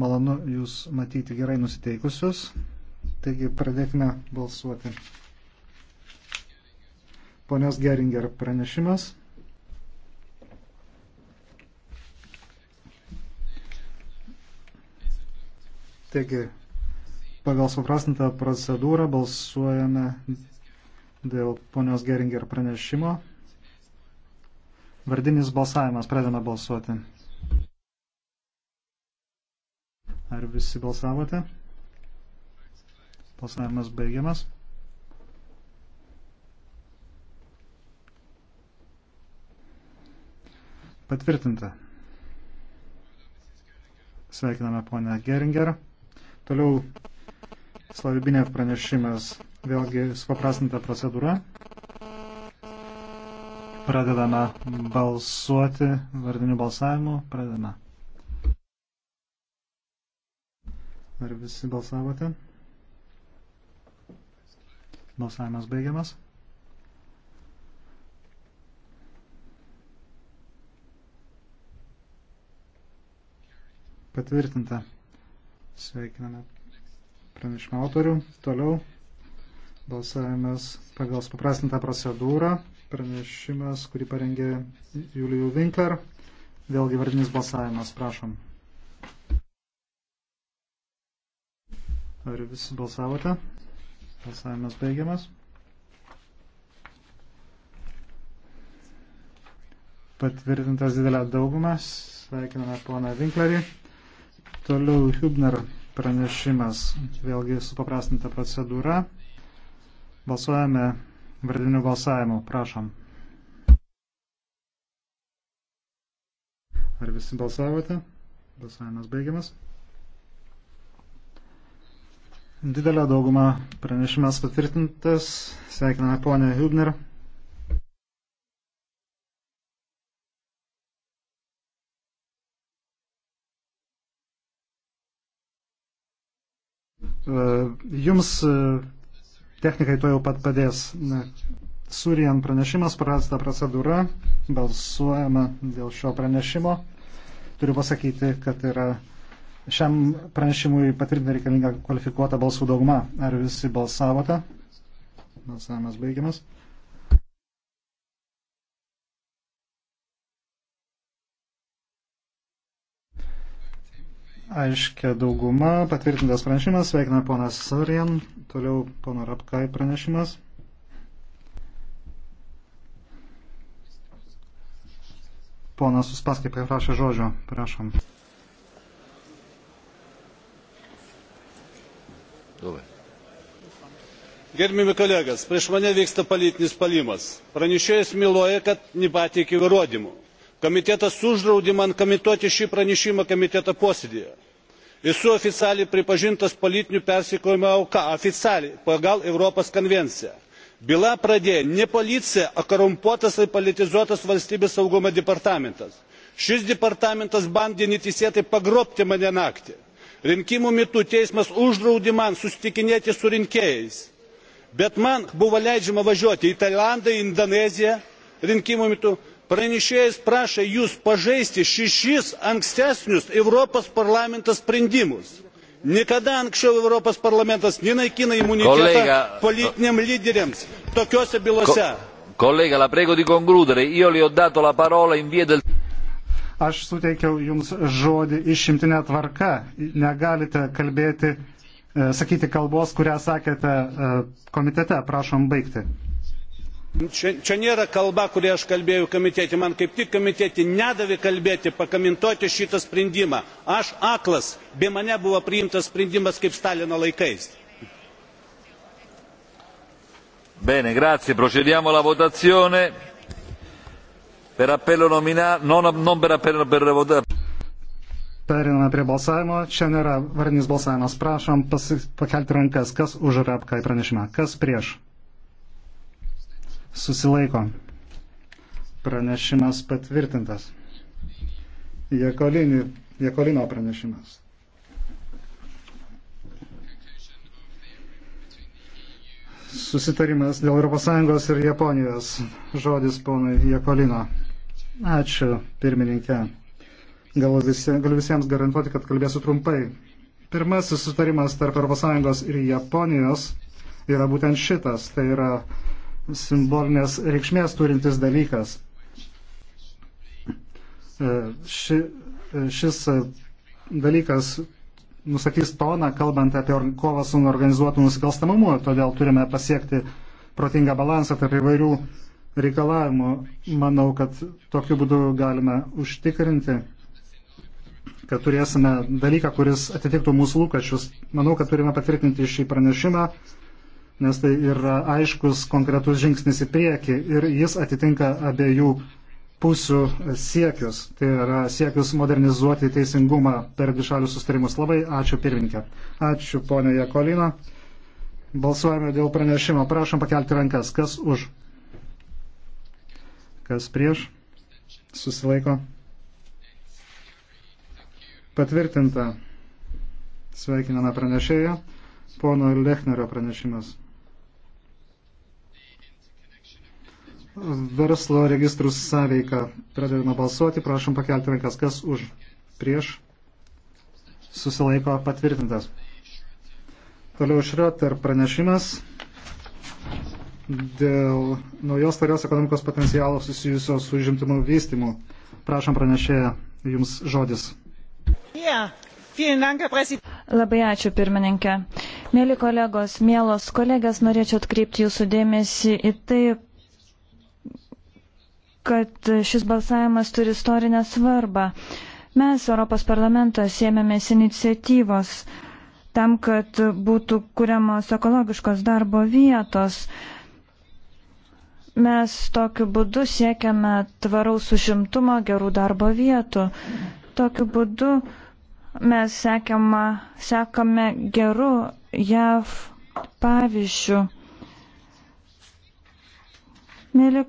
Malonu Jūs matyti gerai nusiteikusius. Taigi pradėkime balsuoti. Ponios Geringer pranešimas. Taigi, pagal suprastintą procedūrą balsuojame dėl ponios Geringer pranešimo. Vardinis balsavimas, pradėme balsuoti. Ar visi balsavote? Balsavimas baigiamas. Patvirtinta. Sveikiname ponę Geringer. Toliau Slavibinė pranešimas vėlgi supaprastinta procedūra. Pradedame balsuoti vardiniu balsavimu. Pradedame. Ar visi balsavote? Balsavimas baigiamas. Patvirtinta. Sveikiname pranešimo autorių. Toliau balsavimas pagal supaprastintą procedūrą. Pranešimas, kurį parengė Julijų Winkler. Vėlgi vardinis balsavimas, prašom. Ar visi balsavote? Balsavimas baigiamas. Patvirtintas didelę daugumą. Sveikiname poną Vinklerį. Toliau Hubner pranešimas. Vėlgi supaprastinta procedūra. Balsuojame vardiniu balsavimu. Prašom. Ar visi balsavote? Balsavimas baigiamas. Didelė dauguma pranešimas patvirtintas. Sveikiname ponę Hübner. E, jums e, technikai to jau pat padės. Surijan pranešimas, prarasta procedūra, balsuojama dėl šio pranešimo. Turiu pasakyti, kad yra šiam pranešimui patvirtinti reikalingą kvalifikuotą balsų daugumą. Ar visi balsavote? Balsavimas baigiamas. Aiškia dauguma, patvirtintas pranešimas, sveikina ponas Sarien, toliau pono Rapkai pranešimas. Ponas Uspaskė paprašė žodžio, prašom. gerbiami kolegos prieš mane vyksta politinis puolimas pranešėjas meluoja kad nepateikė įrodymų komitetas uždraudė man komentuoti šį pranešimą komiteto posėdyje esu oficialiai pripažintas politinio persekiojimo auka oficialiai pagal europos konvenciją bylą pradėjo ne policija o korumpuotas ir politizuotas valstybės saugumo departamentas šis departamentas bandė neteisėtai pagrobti mane naktį rinkimų metu teismas uždraudė man susitikinėti su rinkėjais bet man buvo leidžiama važiuoti į tailandą į indoneziją rinkimų metu pranešėjas prašė jus pažaisti šešis ankstesnius europos parlamento sprendimus. Niekada anksčiau Europos parlamentas nenaikina imunitetą Kolega, politiniams lyderiams tokiose bylose. Ko, collega, la prego di concludere. Io le ho dato la parola in via del... Aš suteikiau jums žodį išimtinę tvarką. Negalite kalbėti, e, sakyti kalbos, kurią sakėte e, komitete. Prašom baigti. Čia, čia nėra kalba, kurį aš kalbėjau komitete. Man kaip tik komitete nedavė kalbėti, pakamintuoti šitą sprendimą. Aš aklas, be mane buvo priimtas sprendimas kaip Stalino laikais. Bene, grazie. Procediamo alla votazione. Per appello nominale, non, non per appello per votare. Periname prie balsavimo. Čia nėra varnys balsavimas. Prašom pasi, pakelti rankas, kas už rapką į pranešimą, kas prieš. Susilaiko. Pranešimas patvirtintas. Jekolinį, Jekolino pranešimas. susitarimas dėl ES ir Japonijos. Žodis ponui Jekolino. Ačiū, pirmininkė. Gal visi, galiu visiems garantuoti, kad kalbėsiu trumpai. Pirmasis susitarimas tarp ES ir Japonijos yra būtent šitas. Tai yra simbolinės reikšmės turintis dalykas. E, ši, e, šis dalykas nustatys toną, kalbant apie kovą su organizuotų nusikalstamumu, todėl turime pasiekti protingą balansą tarp įvairių reikalavimų. Manau, kad tokiu būdu galime užtikrinti, kad turėsime dalyką, kuris atitiktų mūsų lūkesčius. Manau, kad turime patvirtinti šį pranešimą, nes tai yra aiškus konkretus žingsnis į priekį ir jis atitinka abiejų pusių siekius, tai yra siekius modernizuoti teisingumą per dvišalius sustarimus. Labai ačiū pirmininkė. Ačiū ponė Jekolina. Balsuojame dėl pranešimo. Prašom pakelti rankas. Kas už? Kas prieš? Susilaiko. Patvirtinta. Sveikiname pranešėją. Pono Lechnerio pranešimas. verslo registrų sąveiką. Pradedame balsuoti, prašom pakelti rankas, kas už, prieš, susilaiko patvirtintas. Toliau Šrioter pranešimas dėl naujos tvarios ekonomikos potencialo susijusio su užimtimu vystimu. Prašom pranešėją, jums žodis. Yeah. Labai ačiū pirmininkė. Mėly kolegos, mielos kolegės, norėčiau atkreipti jūsų dėmesį į taip kad šis balsavimas turi istorinę svarbą. Mes, Europos parlamentas, ėmėmės iniciatyvos tam, kad būtų kuriamos ekologiškos darbo vietos. Mes tokiu būdu siekiame tvaraus užimtumo, gerų darbo vietų. Tokiu būdu mes sekiama, sekame gerų JAV pavyzdžių. Mėly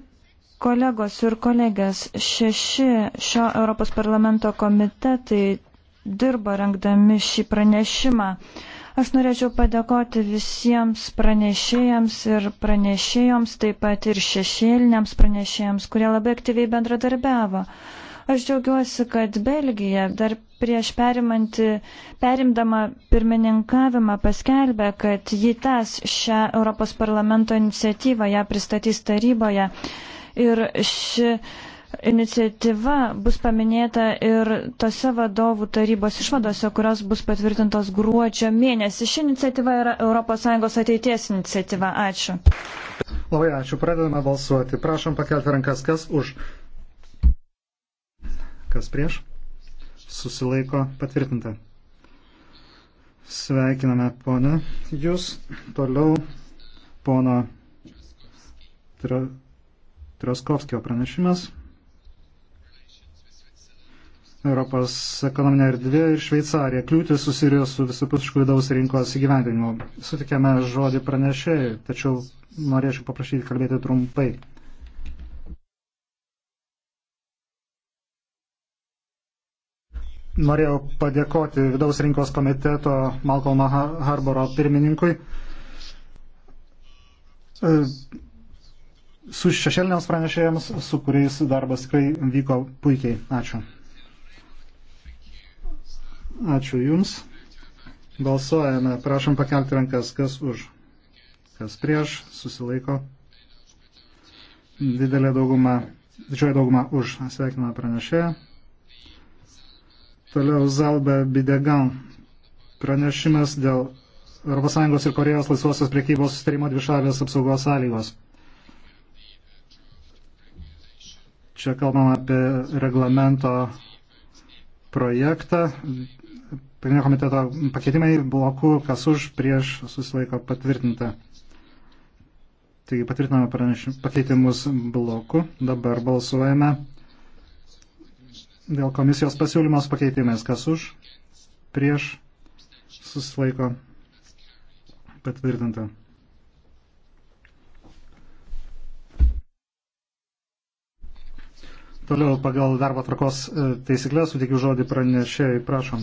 Kolegos ir kolegės, šeši šio Europos parlamento komitetai dirba rengdami šį pranešimą. Aš norėčiau padėkoti visiems pranešėjams ir pranešėjoms, taip pat ir šešėliniams pranešėjams, kurie labai aktyviai bendradarbiavo. Aš džiaugiuosi, kad Belgija dar prieš perimdama pirmininkavimą paskelbė, kad ji tęs šią Europos parlamento iniciatyvą, ją pristatys taryboje ir ši iniciatyva bus paminėta ir tose vadovų tarybos išvadose, kurios bus patvirtintos gruodžio mėnesį. Ši iniciatyva yra ES ateities iniciatyva. Ačiū. Labai ačiū. Pradedame balsuoti. Prašom pakelti rankas, kas už. Kas prieš? Susilaiko patvirtinta. Sveikiname ponę. Jūs toliau pono. Tra... Trioskovskio pranešimas. Europos ekonominė erdvė ir Šveicarija. Kliūtis susirijo su visapusišku vidaus rinkos įgyvendinimu. Sutikėme žodį pranešėjai, tačiau norėčiau paprašyti kalbėti trumpai. Norėjau padėkoti vidaus rinkos komiteto Malcolm Harboro pirmininkui su šešėliniams pranešėjams, su kuriais darbas tikrai vyko puikiai. Ačiū. Ačiū Jums. Balsuojame. Prašom pakelti rankas, kas už, kas prieš, susilaiko. Didelė dauguma, didžioji dauguma už. Sveikiname pranešėją. Toliau Zalba Bidegan. Pranešimas dėl ES ir Korejos laisvosios priekybos sustarimo dvišalės apsaugos sąlygos. Čia kalbam apie reglamento projektą. Pirminio komiteto pakeitimai blokų, kas už, prieš, susilaiko patvirtinta. Taigi patvirtiname pranešim, pakeitimus blokų. Dabar balsuojame dėl komisijos pasiūlymos pakeitimais. Kas už, prieš, susilaiko patvirtinta. Toliau pagal darbo tvarkos e, taisyklę sutikiu žodį pranešėjai, prašom.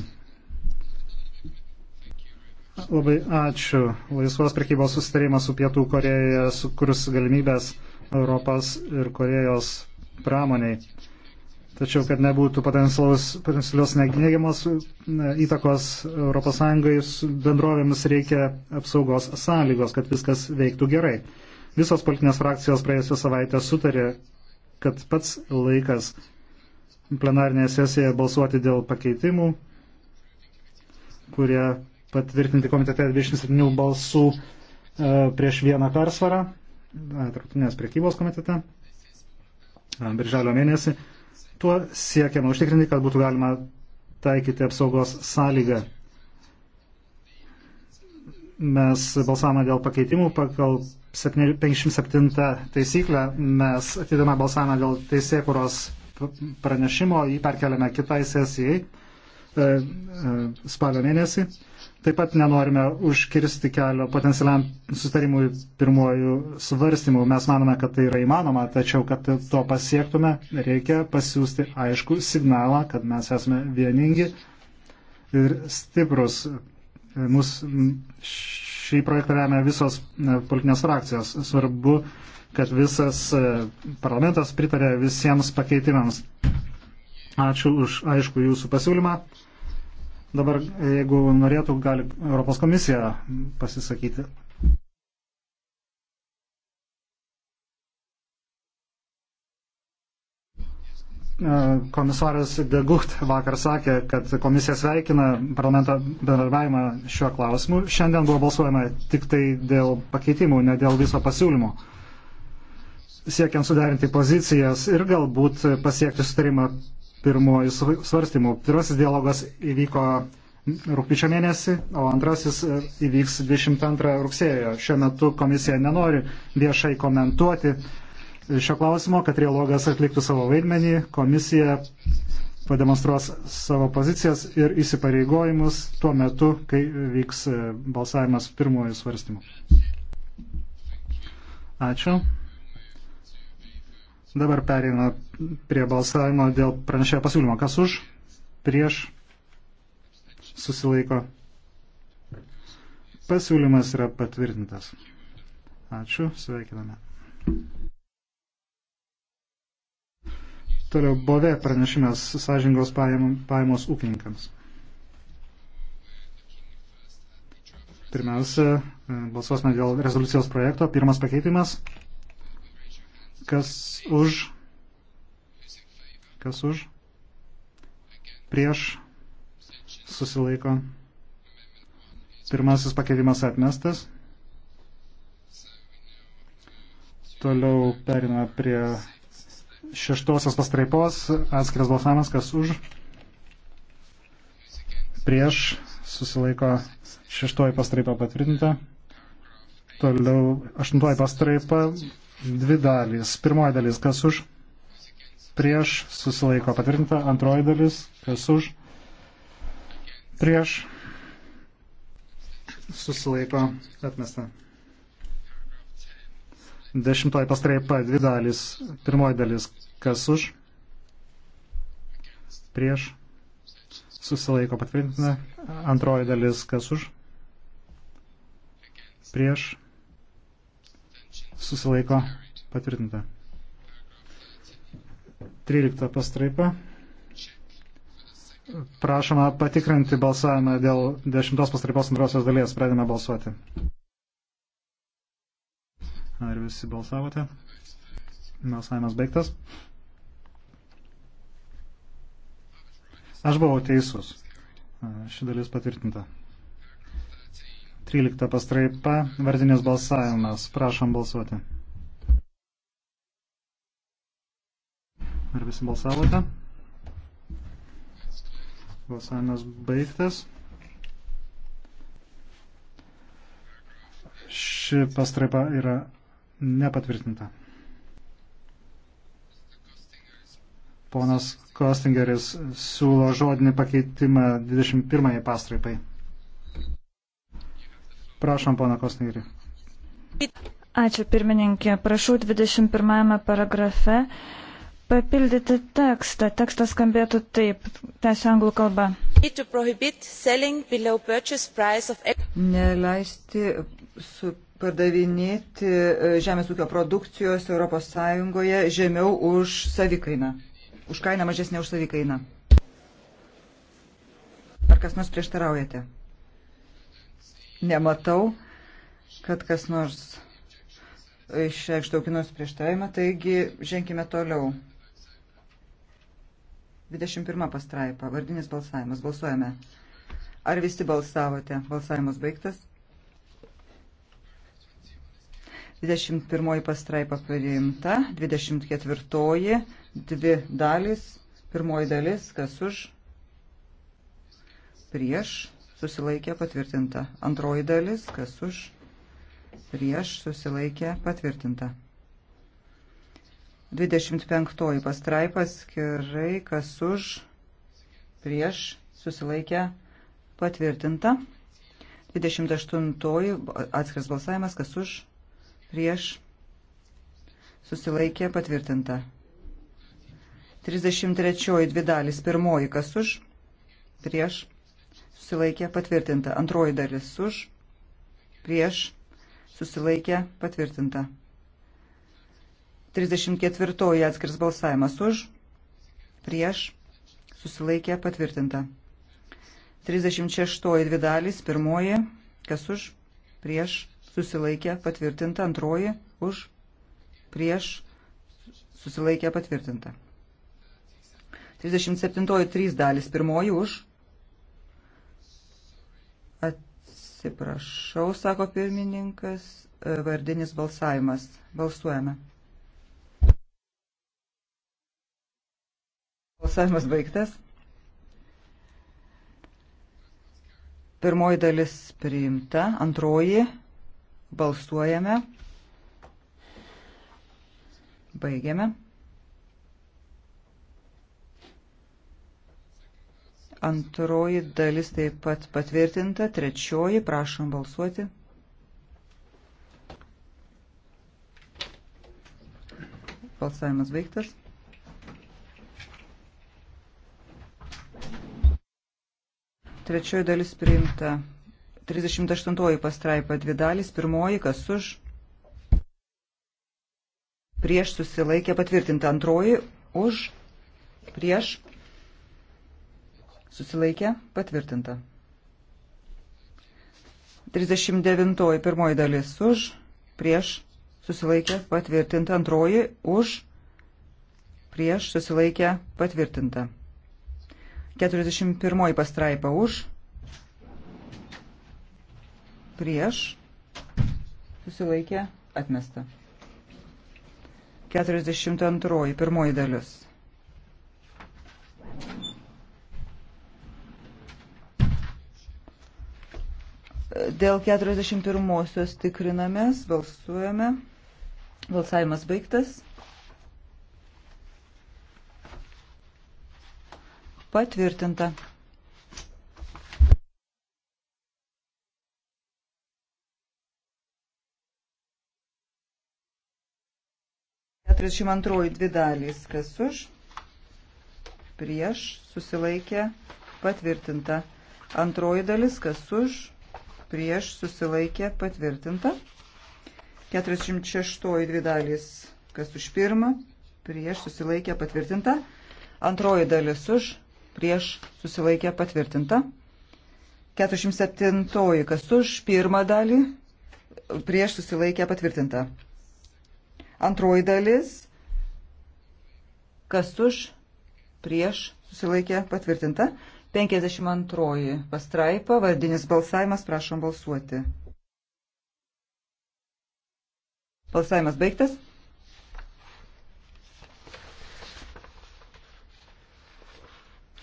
Labai ačiū. Laisvos prekybos susitarimas su Pietų Koreja sukurs galimybės Europos ir Korejos pramoniai. Tačiau, kad nebūtų potencialios neigiamos e, įtakos ES bendrovėms reikia apsaugos sąlygos, kad viskas veiktų gerai. Visos politinės frakcijos praėjusią savaitę sutarė, kad pats laikas plenarinėje sesijoje balsuoti dėl pakeitimų, kurie patvirtinti komitete 27 balsų e, prieš vieną persvarą, e, tarptautinės priekybos komitete, e, birželio mėnesį. Tuo siekiama užtikrinti, kad būtų galima taikyti apsaugos sąlygą. Mes balsavome dėl pakeitimų pagal 57 taisyklę mes atidame balsavimą dėl teisėkuros pranešimo, jį perkeliame kitai sesijai e, e, spalio mėnesį. Taip pat nenorime užkirsti kelio potencialiam sustarimui pirmojų svarstymų. Mes manome, kad tai yra įmanoma, tačiau, kad to pasiektume, reikia pasiūsti aišku signalą, kad mes esame vieningi ir stiprus. Mūsų Šį projektą remia visos e, politinės frakcijos. Svarbu, kad visas e, parlamentas pritarė visiems pakeitimams. Ačiū už aišku jūsų pasiūlymą. Dabar, e, jeigu norėtų, gali Europos komisija pasisakyti. E, komisaras Degucht vakar sakė, kad komisija sveikina parlamento bendarbiavimą šiuo klausimu. Šiandien buvo balsuojama tik tai dėl pakeitimų, ne dėl viso pasiūlymo. Siekiant suderinti pozicijas ir galbūt pasiekti sutarimą pirmojų svarstymų. Pirmasis dialogas įvyko rūpiučio mėnesį, o antrasis e, įvyks 22 rugsėjo. Šiuo metu komisija nenori viešai komentuoti šio klausimo, kad trialogas atliktų savo vaidmenį, komisija pademonstruos savo pozicijas ir įsipareigojimus tuo metu, kai vyks e, balsavimas pirmojų svarstymų. Ačiū. Dabar pereina prie balsavimo dėl pranešėjo pasiūlymo. Kas už? Prieš? Susilaiko. Pasiūlymas yra patvirtintas. Ačiū, sveikiname. Toliau bove pranešimas sąžingos pajamos ūkininkams. Pirmiausia, e, balsuosime dėl rezoliucijos projekto. Pirmas pakeitimas. Kas už? Kas už? Prieš? Susilaiko. Pirmasis pakeitimas atmestas. Toliau periname prie šeštosios pastraipos atskiras balsavimas, kas už, prieš, susilaiko šeštoji pastraipa patvirtinta. Toliau aštuntoji pastraipa, dvi dalys. Pirmoji dalis, kas už, prieš, susilaiko patvirtinta. Antroji dalis, kas už, prieš, susilaiko atmesta. Dešimtoji pastraipa, dvi dalis. Pirmoji dalis, kas už, prieš, susilaiko patvirtina. Antroji dalis, kas už, prieš, susilaiko patvirtinta. Trylikta pastraipa. Prašoma patikrinti balsavimą dėl dešimtos pastraipos antrosios dalies. Pradėme balsuoti. Ar visi balsavote? Balsavimas baigtas. Aš buvau teisus. Ši dalis patvirtinta. 13 pastraipa, vardinės balsavimas. Prašom balsuoti. Ar visi balsavote? Balsavimas baigtas. Ši pastraipa yra Nepatvirtinta. Ponas Kostingeris siūlo žodinį pakeitimą 21 pastraipai. Prašom, pana Kostingeri. Ačiū, pirmininkė. Prašau 21 paragrafe papildyti tekstą. Tekstas skambėtų taip, tęsiu anglų kalbą. Neleisti su pardavinėti e, žemės ūkio produkcijos ES žemiau už savikainą, už kainą mažesnę už savikainą. Ar kas nors prieštaraujate? Nematau, kad kas nors išreikštų aukinos prieštaravimą, taigi ženkime toliau. 21 pastraipa, vardinis balsavimas, balsuojame. Ar visi balsavote? Balsavimas baigtas. 21 pastraipa priimta, 24 dvi dalys, pirmoji dalis, kas už, prieš, susilaikė patvirtinta, antroji dalis, kas už, prieš, susilaikė patvirtinta. 25 pastraipa skirai, kas už, prieš, susilaikė patvirtinta. 28 atskiras balsavimas, kas už, prieš susilaikė patvirtinta. 33 dvi dalis pirmoji kas už prieš susilaikė patvirtinta. Antroji dalis už prieš susilaikė patvirtinta. 34 atskirs balsavimas už, prieš, susilaikė patvirtinta. 36 dvi dalys, pirmoji, kas už, prieš, susilaikė patvirtinta, antroji už, prieš, susilaikė patvirtinta. 37 trys dalis, pirmoji už, atsiprašau, sako pirmininkas, e, vardinis balsavimas. Balsuojame. Balsavimas baigtas. Pirmoji dalis priimta, antroji Balsuojame. Baigiame. Antroji dalis taip pat patvirtinta. Trečioji, prašom balsuoti. Balsavimas baigtas. Trečioji dalis priimta 38 pastraipa dvi dalys, pirmoji, kas už, prieš susilaikė patvirtinta, antroji, už, prieš susilaikė patvirtinta. 39 pirmoji dalis už, prieš susilaikė patvirtinta, antroji už, prieš susilaikė patvirtinta. 41 pastraipa už, prieš, susilaikė, atmesta. 42. Pirmoji dalis. Dėl 41-osios tikrinamės, balsuojame. Balsavimas baigtas. Patvirtinta. 32 dvi dalys, kas už, prieš, susilaikė, patvirtinta. Antroji dalis, kas už, prieš, susilaikė, patvirtinta. 46 dvi dalys, kas už pirmą, prieš, susilaikė, patvirtinta. Antroji dalis už, prieš, susilaikė, patvirtinta. 47 kas už, pirmą dalį, prieš, susilaikė, patvirtinta. Antroji dalis, kas už, prieš, susilaikė, patvirtinta. 52 pastraipa, vardinis balsavimas, prašom balsuoti. Balsavimas baigtas.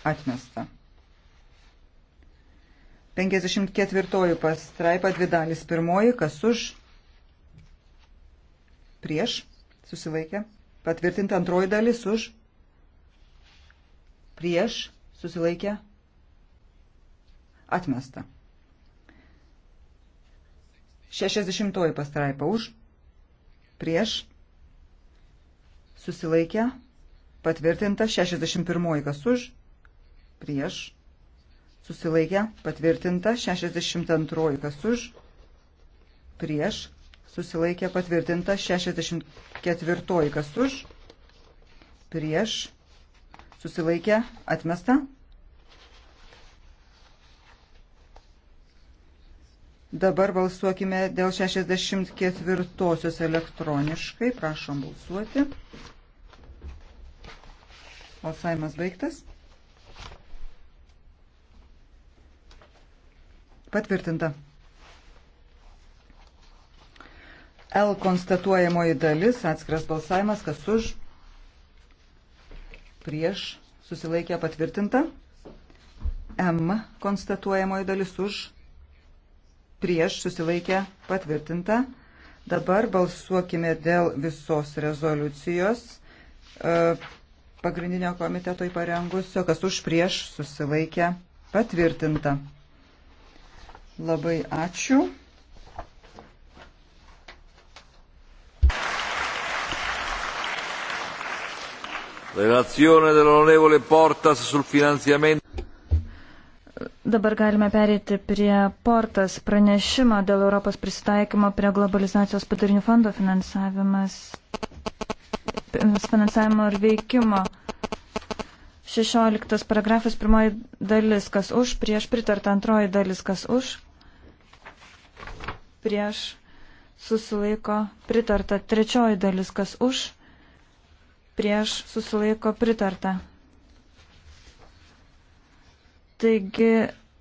Atmesta. 54 pastraipa, dvi dalis, pirmoji, kas už, prieš, susilaikė, patvirtinta antroji dalis už, prieš, susilaikė, atmesta. 60 pastraipa už, prieš, susilaikė, patvirtinta 61 kas už, prieš, susilaikė, patvirtinta 62 kas už, prieš, susilaikė patvirtinta 64 kas už, prieš susilaikė atmesta. Dabar balsuokime dėl 64-osios elektroniškai. Prašom balsuoti. Balsavimas baigtas. Patvirtinta. L konstatuojamoji dalis, atskiras balsavimas, kas už, prieš, susilaikė patvirtinta. M konstatuojamoji dalis už, prieš, susilaikė patvirtinta. Dabar balsuokime dėl visos rezoliucijos e, pagrindinio komiteto įparengusio, kas už prieš susilaikė patvirtinta. Labai ačiū. Relazione dell'onorevole Portas sul finanziamento. Dabar galime perėti prie Portas pranešimo dėl Europos prisitaikymo prie globalizacijos padarinių fondo finansavimas, finansavimo ir veikimo. 16 paragrafas, pirmoji dalis, kas už, prieš pritarta antroji dalis, kas už, prieš susilaiko pritarta trečioji dalis, kas už prieš susilaiko pritarta. Taigi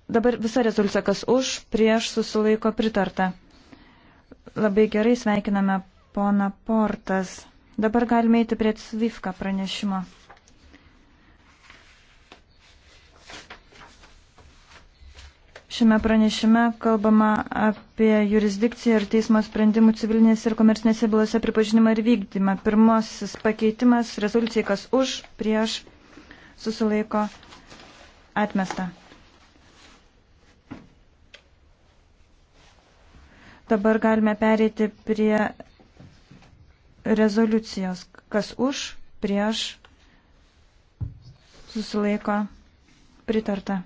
dabar visa rezoliucija, kas už, prieš susilaiko pritarta. Labai gerai sveikiname pona Portas. Dabar galime eiti prie Svifka pranešimo. Šiame pranešime kalbama apie jurisdikciją ir teismo sprendimų civilinėse ir komercinėse bylose pripažinimą ir vykdymą. Pirmasis pakeitimas rezoliucijai, kas už, prieš, susilaiko, atmesta. Dabar galime pereiti prie rezoliucijos. Kas už, prieš, susilaiko, pritarta.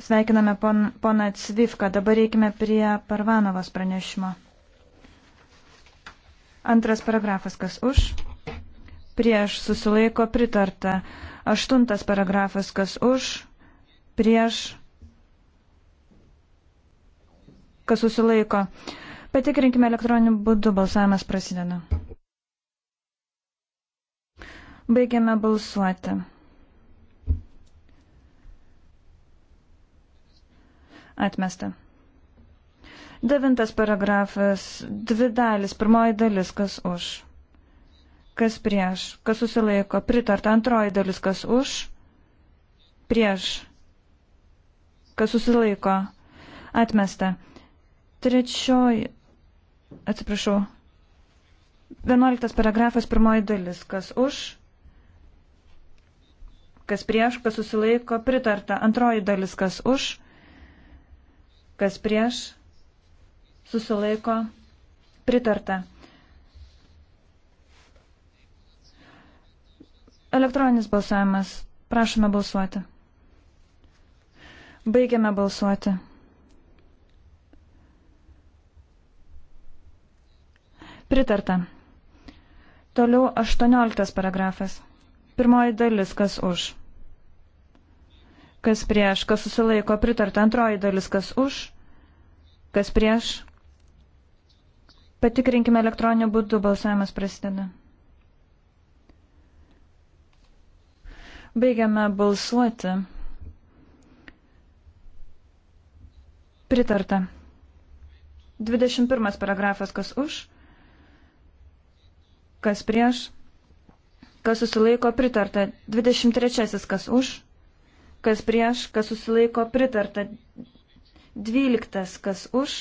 Sveikiname pon, poną Cvifką. Dabar reikime prie Parvanovos pranešimo. Antras paragrafas, kas už? Prieš susilaiko pritarta. Aštuntas paragrafas, kas už? Prieš. Kas susilaiko? Patikrinkime elektroniniu būdu. Balsavimas prasideda. Baigiame balsuoti. Atmesta. Devintas paragrafas, dvi dalis, pirmoji dalis, kas už, kas prieš, kas susilaiko, pritarta antroji dalis, kas už, prieš, kas susilaiko, atmesta. Trečioji, atsiprašau, vienuoliktas paragrafas, pirmoji dalis, kas už, kas prieš, kas susilaiko, pritarta antroji dalis, kas už, prieš kas prieš, susilaiko, pritarta. Elektroninis balsavimas. Prašome balsuoti. Baigiame balsuoti. Pritarta. Toliau 18 paragrafas. Pirmoji dalis, kas už kas prieš, kas susilaiko pritarta antroji dalis, kas už, kas prieš. Patikrinkime elektroniniu būdu, balsavimas prasideda. Baigiame balsuoti. Pritarta. 21 paragrafas, kas už, kas prieš, kas susilaiko pritarta. 23 kas už kas prieš, kas susilaiko pritarta. 12. Kas už,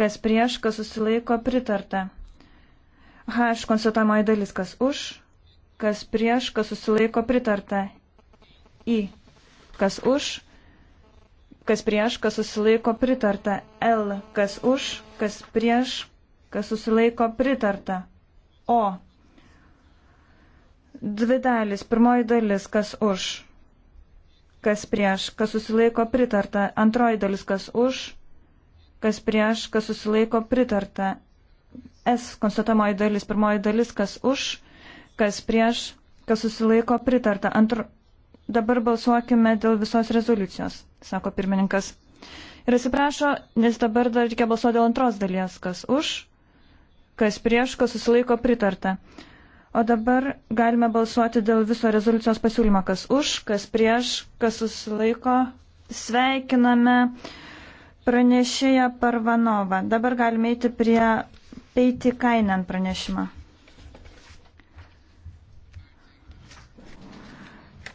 kas prieš, kas susilaiko pritarta. H. Konstatuojamoji dalis, kas už, kas prieš, kas susilaiko pritarta. I. Kas už, kas prieš, kas susilaiko pritarta. L. Kas už, kas prieš, kas susilaiko pritarta. O. Dvi dalis. Pirmoji dalis, kas už kas prieš, kas susilaiko pritarta. Antroji dalis, kas už, kas prieš, kas susilaiko pritarta. S konstatuojamoji dalis, pirmoji dalis, kas už, kas prieš, kas susilaiko pritarta. Antro... Dabar balsuokime dėl visos rezoliucijos, sako pirmininkas. Ir atsiprašo, nes dabar dar reikia balsuoti dėl antros dalies, kas už, kas prieš, kas susilaiko pritarta. O dabar galime balsuoti dėl viso rezoliucijos pasiūlymo, kas už, kas prieš, kas susilaiko. Sveikiname pranešėją Parvanovą. Dabar galime eiti prie Peiti Kainen pranešimą.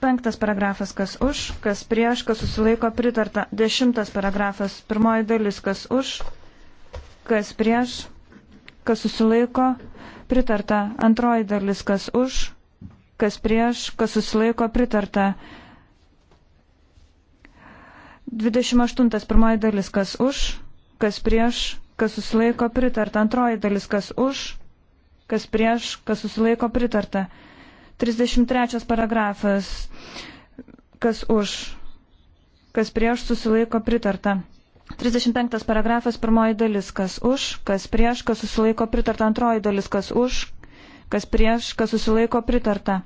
Penktas paragrafas, kas už, kas prieš, kas susilaiko pritarta. Dešimtas paragrafas, pirmoji dalis, kas už, kas prieš, kas susilaiko pritarta pritarta. Antroji dalis, kas už, kas prieš, kas susilaiko, pritarta. 28. Pirmoji dalis, kas už, kas prieš, kas susilaiko, pritarta. Antroji dalis, kas už, kas prieš, kas susilaiko, pritarta. 33 paragrafas, kas už, kas prieš, susilaiko, pritarta. 35 paragrafas, pirmoji dalis, kas už, kas prieš, kas susilaiko pritarta, antroji dalis, kas už, kas prieš, kas susilaiko pritarta.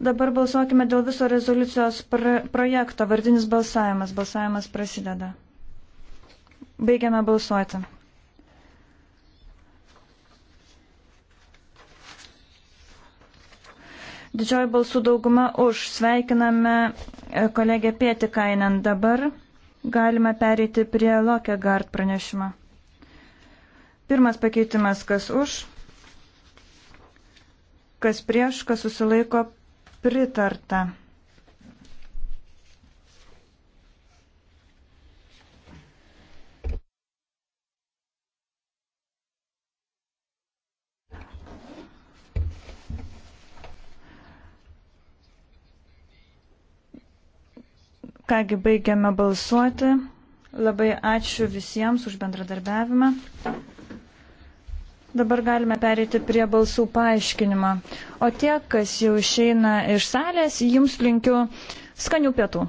Dabar balsuokime dėl viso rezoliucijos pr projekto. Vardinis balsavimas. Balsavimas prasideda. Baigiame balsuoti. Didžioji balsų dauguma už. Sveikiname e, kolegę Pietikainen dabar. Galime pereiti prie Lokegard pranešimą. Pirmas pakeitimas, kas už, kas prieš, kas susilaiko pritarta. Kągi baigiame balsuoti. Labai ačiū visiems už bendradarbiavimą. Dabar galime pereiti prie balsų paaiškinimo. O tie, kas jau išeina iš salės, jums linkiu skanių pietų.